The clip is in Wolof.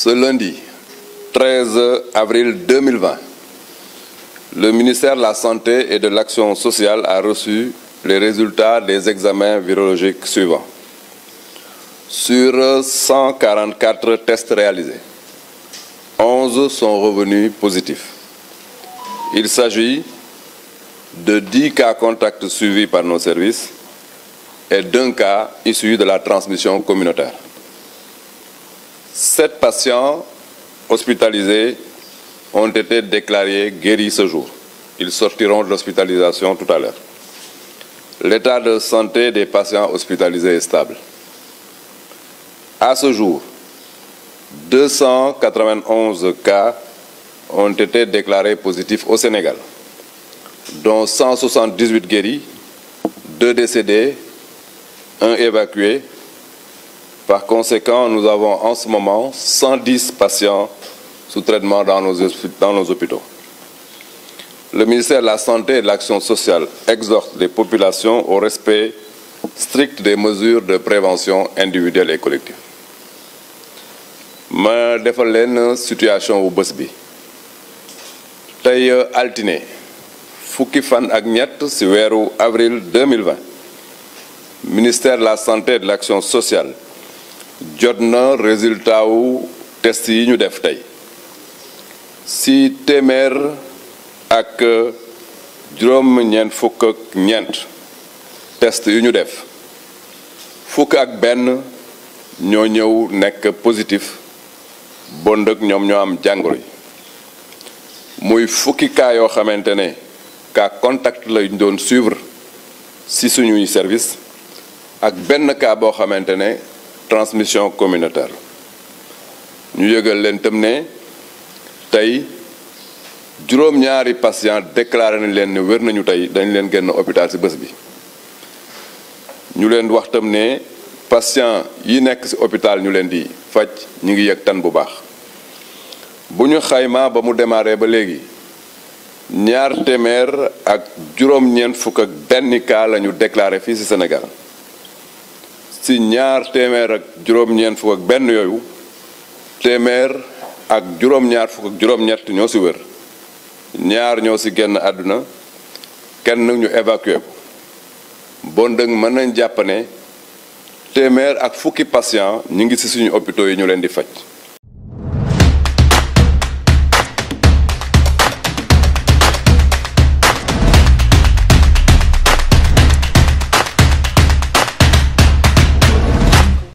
Ce lundi 13 avril 2020, le ministère la Santé et de l'Action sociale a les résultats des examens virologiques suivants. Sur 144 tests réalisés, 11 sont revenus positifs. Il s'agit de 10 cas contacts par nos services et d'un cas de la transmission communautaire. Sept patients hospitalisés ont été déclarés guéris ce jour. Ils sortiront de l'hospitalisation tout à l'heure. L'état de santé des patients hospitalisés stable. À ce jour, 291 cas ont été déclarés positifs au Sénégal, dont 178 guéris, 2 décédés, 1 évacué, Par conséquent, nous avons en ce moment 110 patients sous traitement dans nos, dans nos hôpitaux. Le ministère de la Santé et de l'Action sociale exhorte des populations au respect strict des mesures de prévention individuelle et collective. ma defal leen situation bu bés bi tey euh, altine fukki fan ak ñett ci weeru avril 2020 ministère de la santé et de l'action sociale jot na résultat wu test yi ñu def tey si téeméer ak juróom test yu ñu def fukk ak benn ñoo ñëw nekk positif bond ak ñoom ñoo am jàngoro yi muy fukki cas yoo xamante ne cas contact lañ doon suivre ci suñuy service ak benn kaa boo xamante ne transmission communautaire ñu yëgal leen tam ne tey juróom-ñaari patient déclaré nañ leen ne wér nañu tey dañ leen génn hôpital ci bés bi ñu leen wax tam ne patient yi nekk ci hôpital ñu leen di faj ñu ngi yëg tan bu baax bu ñu xayma ba mu démarré ba léegi ñaar téeméer ak juróom-ñeent fukk ak benn cas la ñu fii ci senegal si ñaar téeméer ak juróom-ñeent fukk ak benn yooyu téeméer ak juróom-ñaar fukk ak juróom-ñett ñoo si wér ñaar ñoo ci génn àdduna kenn nag ñu évacué bon dëgg mën nañ jàpp ne téeméer ak fukki patient ñu ngi si suñu hôpitaux yi ñu leen di faj